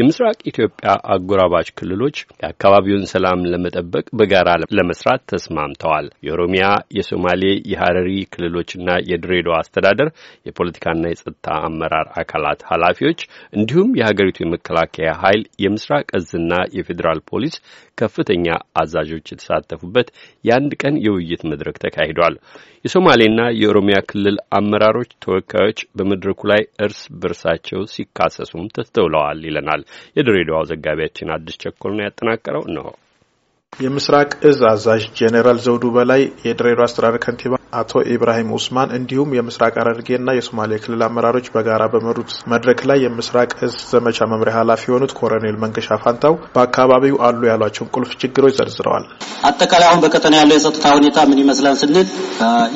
የምስራቅ ኢትዮጵያ አጎራባች ክልሎች የአካባቢውን ሰላም ለመጠበቅ በጋራ ለመስራት ተስማምተዋል። የኦሮሚያ፣ የሶማሌ፣ የሀረሪ ክልሎችና የድሬዳዋ አስተዳደር የፖለቲካና የጸጥታ አመራር አካላት ኃላፊዎች እንዲሁም የሀገሪቱ የመከላከያ ኃይል የምስራቅ እዝና የፌዴራል ፖሊስ ከፍተኛ አዛዦች የተሳተፉበት የአንድ ቀን የውይይት መድረክ ተካሂዷል። የሶማሌና የኦሮሚያ ክልል አመራሮች ተወካዮች በመድረኩ ላይ እርስ በርሳቸው ሲካሰሱም ተስተውለዋል ይለናል የድሬዳዋ ዘጋቢያችን አዲስ ቸኮል ነው ያጠናቀረው ነው። የምስራቅ እዝ አዛዥ ጄኔራል ዘውዱ በላይ፣ የድሬዳዋ አስተዳደር ከንቲባ አቶ ኢብራሂም ኡስማን እንዲሁም የምስራቅ ሐረርጌና የሶማሌ ክልል አመራሮች በጋራ በመሩት መድረክ ላይ የምስራቅ እዝ ዘመቻ መምሪያ ኃላፊ የሆኑት ኮሎኔል መንገሻ ፋንታው በአካባቢው አሉ ያሏቸውን ቁልፍ ችግሮች ዘርዝረዋል። አጠቃላይ አሁን በቀጠና ያለው የጸጥታ ሁኔታ ምን ይመስላል ስንል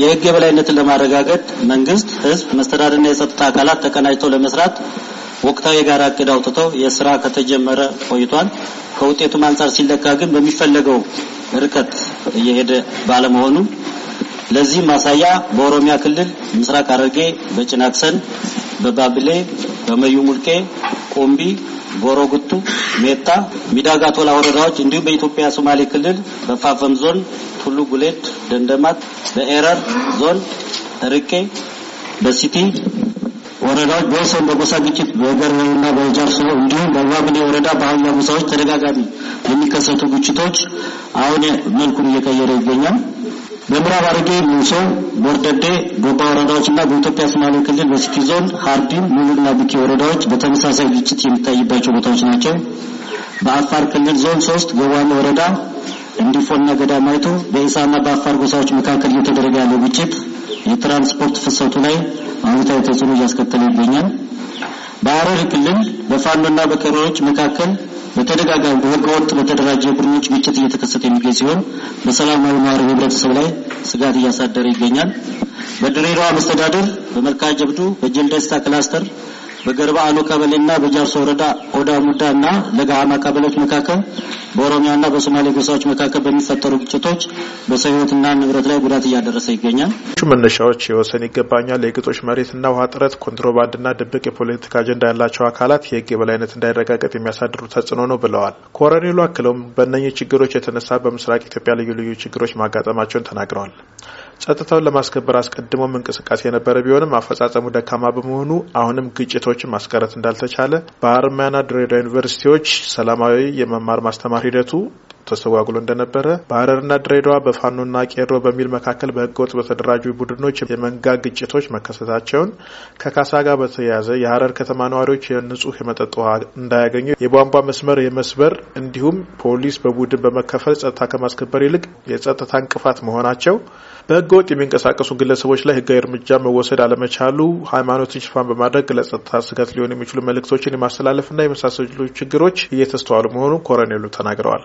የህግ የበላይነትን ለማረጋገጥ መንግስት፣ ህዝብ፣ መስተዳድርና የጸጥታ አካላት ተቀናጅተው ለመስራት ወቅታዊ የጋራ እቅድ አውጥተው የስራ ከተጀመረ ቆይቷል። ከውጤቱም አንጻር ሲለካ ግን በሚፈለገው ርቀት እየሄደ ባለመሆኑ ለዚህ ማሳያ በኦሮሚያ ክልል ምስራቅ ሐረርጌ በጭናክሰን፣ በባብሌ፣ በመዩ ሙልቄ፣ ቆምቢ፣ ጎሮጉቱ፣ ጉቱ፣ ሜታ፣ ሚዳጋ ቶላ ወረዳዎች እንዲሁም በኢትዮጵያ ሶማሌ ክልል በፋፈም ዞን ቱሉ ጉሌት፣ ደንደማት፣ በኤረር ዞን ርቄ፣ በሲቲ ወረዳዎች በወሰን በጎሳ ግጭት በገረና ሰው እንዲሁም በዋግኔ ወረዳ በሀኛ ጎሳዎች ተደጋጋሚ የሚከሰቱ ግጭቶች አሁን መልኩን እየቀየረ ይገኛል። በምዕራብ ሐረርጌ ሙሶ፣ ቦርደዴ፣ ጎባ ወረዳዎችና በኢትዮጵያ ሶማሌ ክልል በሲቲ ዞን ሀርዲን፣ ሙሉና ቡኬ ወረዳዎች በተመሳሳይ ግጭት የሚታይባቸው ቦታዎች ናቸው። በአፋር ክልል ዞን ሶስት ገዋኔ ወረዳ እንዲፎና ገዳማይቱ በኢሳና በአፋር ጎሳዎች መካከል እየተደረገ ያለው ግጭት የትራንስፖርት ፍሰቱ ላይ አሉታዊ ተጽዕኖ እያስከተለ ይገኛል። በሐረሪ ክልል በፋኖና በከሮዎች መካከል በተደጋጋሚ በህገወጥ በተደራጀ ቡድኖች ግጭት እየተከሰተ የሚገኝ ሲሆን በሰላማዊ ነዋሪ ህብረተሰብ ላይ ስጋት እያሳደረ ይገኛል። በድሬዳዋ መስተዳደር በመልካ ጀብዱ፣ በጀልደስታ ክላስተር፣ በገርባ አሎ ቀበሌና በጃርሶ ወረዳ ኦዳ ሙዳ እና ለጋሃማ ቀበሌዎች መካከል በኦሮሚያና በሶማሌ ጎሳዎች መካከል በሚፈጠሩ ግጭቶች በሰው ሕይወትና ንብረት ላይ ጉዳት እያደረሰ ይገኛል። መነሻዎች የወሰን ይገባኛል፣ የግጦሽ መሬትና ውሃ ጥረት፣ ኮንትሮባንድና ድብቅ የፖለቲካ አጀንዳ ያላቸው አካላት የሕግ የበላይነት እንዳይረጋገጥ የሚያሳድሩ ተጽዕኖ ነው ብለዋል። ኮረኔሉ አክለውም በእነኚህ ችግሮች የተነሳ በምስራቅ ኢትዮጵያ ልዩ ልዩ ችግሮች ማጋጠማቸውን ተናግረዋል። ጸጥታውን ለማስከበር አስቀድሞም እንቅስቃሴ የነበረ ቢሆንም አፈጻጸሙ ደካማ በመሆኑ አሁንም ግጭቶችን ማስቀረት እንዳልተቻለ በሀረማያና ድሬዳዋ ዩኒቨርሲቲዎች ሰላማዊ የመማር ማስተማር ሂደቱ ተስተጓጉሎ እንደነበረ በሀረርና ድሬዳዋ በፋኖና ቄሮ በሚል መካከል በህገወጥ በተደራጁ ቡድኖች የመንጋ ግጭቶች መከሰታቸውን ከካሳ ጋር በተያያዘ የሀረር ከተማ ነዋሪዎች ንጹህ የመጠጥ ውሃ እንዳያገኙ የቧንቧ መስመር የመስበር እንዲሁም ፖሊስ በቡድን በመከፈል ጸጥታ ከማስከበር ይልቅ የጸጥታ እንቅፋት መሆናቸው በህገ ወጥ የሚንቀሳቀሱ ግለሰቦች ላይ ህጋዊ እርምጃ መወሰድ አለመቻሉ ሃይማኖትን ሽፋን በማድረግ ለጸጥታ ስጋት ሊሆኑ የሚችሉ መልእክቶችን የማስተላለፍና የመሳሰሉ ችግሮች እየተስተዋሉ መሆኑን ኮረኔሉ ተናግረዋል።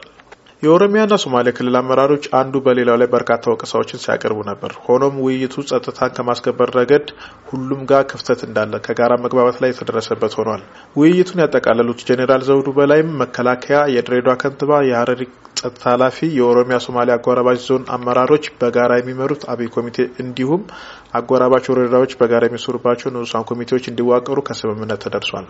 የኦሮሚያና ሶማሌ ክልል አመራሮች አንዱ በሌላው ላይ በርካታ ወቀሳዎችን ሲያቀርቡ ነበር። ሆኖም ውይይቱ ጸጥታን ከማስከበር ረገድ ሁሉም ጋር ክፍተት እንዳለ ከጋራ መግባባት ላይ የተደረሰበት ሆኗል። ውይይቱን ያጠቃለሉት ጄኔራል ዘውዱ በላይም መከላከያ፣ የድሬዳዋ ከንቲባ፣ የሀረሪ ጸጥታ ኃላፊ የኦሮሚያ ሶማሊያ አጎራባች ዞን አመራሮች በጋራ የሚመሩት አብይ ኮሚቴ እንዲሁም አጎራባች ወረዳዎች በጋራ የሚሰሩባቸው ንዑሳን ኮሚቴዎች እንዲዋቀሩ ከስምምነት ተደርሷል።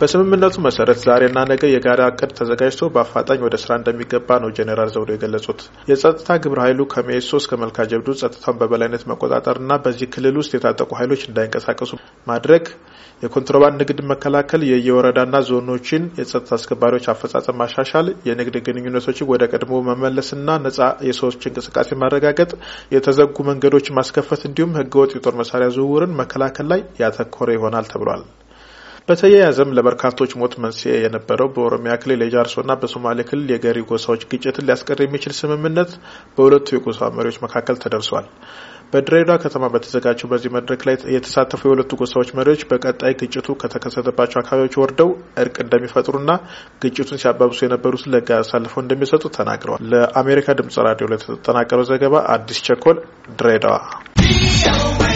በስምምነቱ መሰረት ዛሬና ነገ የጋራ እቅድ ተዘጋጅቶ በአፋጣኝ ወደ ስራ እንደሚገባ ነው ጄኔራል ዘውዶ የገለጹት። የጸጥታ ግብረ ኃይሉ ከሜሶ እስከ መልካ ጀብዱ ጸጥታን በበላይነት መቆጣጠርና በዚህ ክልል ውስጥ የታጠቁ ኃይሎች እንዳይንቀሳቀሱ ማድረግ፣ የኮንትሮባንድ ንግድ መከላከል፣ የየወረዳና ዞኖችን የጸጥታ አስከባሪዎች አፈጻጸም ማሻሻል፣ የንግድ ግንኙነቶችን ወደ ቀድሞ መመለስና ነጻ የሰዎች እንቅስቃሴ ማረጋገጥ፣ የተዘጉ መንገዶች ማስከፈት እንዲሁም ህገወጥ የጦር መሳሪያ ዝውውርን መከላከል ላይ ያተኮረ ይሆናል ተብሏል። በተያያዘም ለበርካቶች ሞት መንስኤ የነበረው በኦሮሚያ ክልል የጃርሶና በሶማሌ ክልል የገሪ ጎሳዎች ግጭትን ሊያስቀር የሚችል ስምምነት በሁለቱ የጎሳ መሪዎች መካከል ተደርሷል። በድሬዳዋ ከተማ በተዘጋጀው በዚህ መድረክ ላይ የተሳተፉ የሁለቱ ጎሳዎች መሪዎች በቀጣይ ግጭቱ ከተከሰተባቸው አካባቢዎች ወርደው እርቅ እንደሚፈጥሩና ግጭቱን ሲያባብሱ የነበሩት ለጋ አሳልፈው እንደሚሰጡ ተናግረዋል። ለአሜሪካ ድምጽ ራዲዮ ለተጠናቀረው ዘገባ አዲስ ቸኮል ድሬዳዋ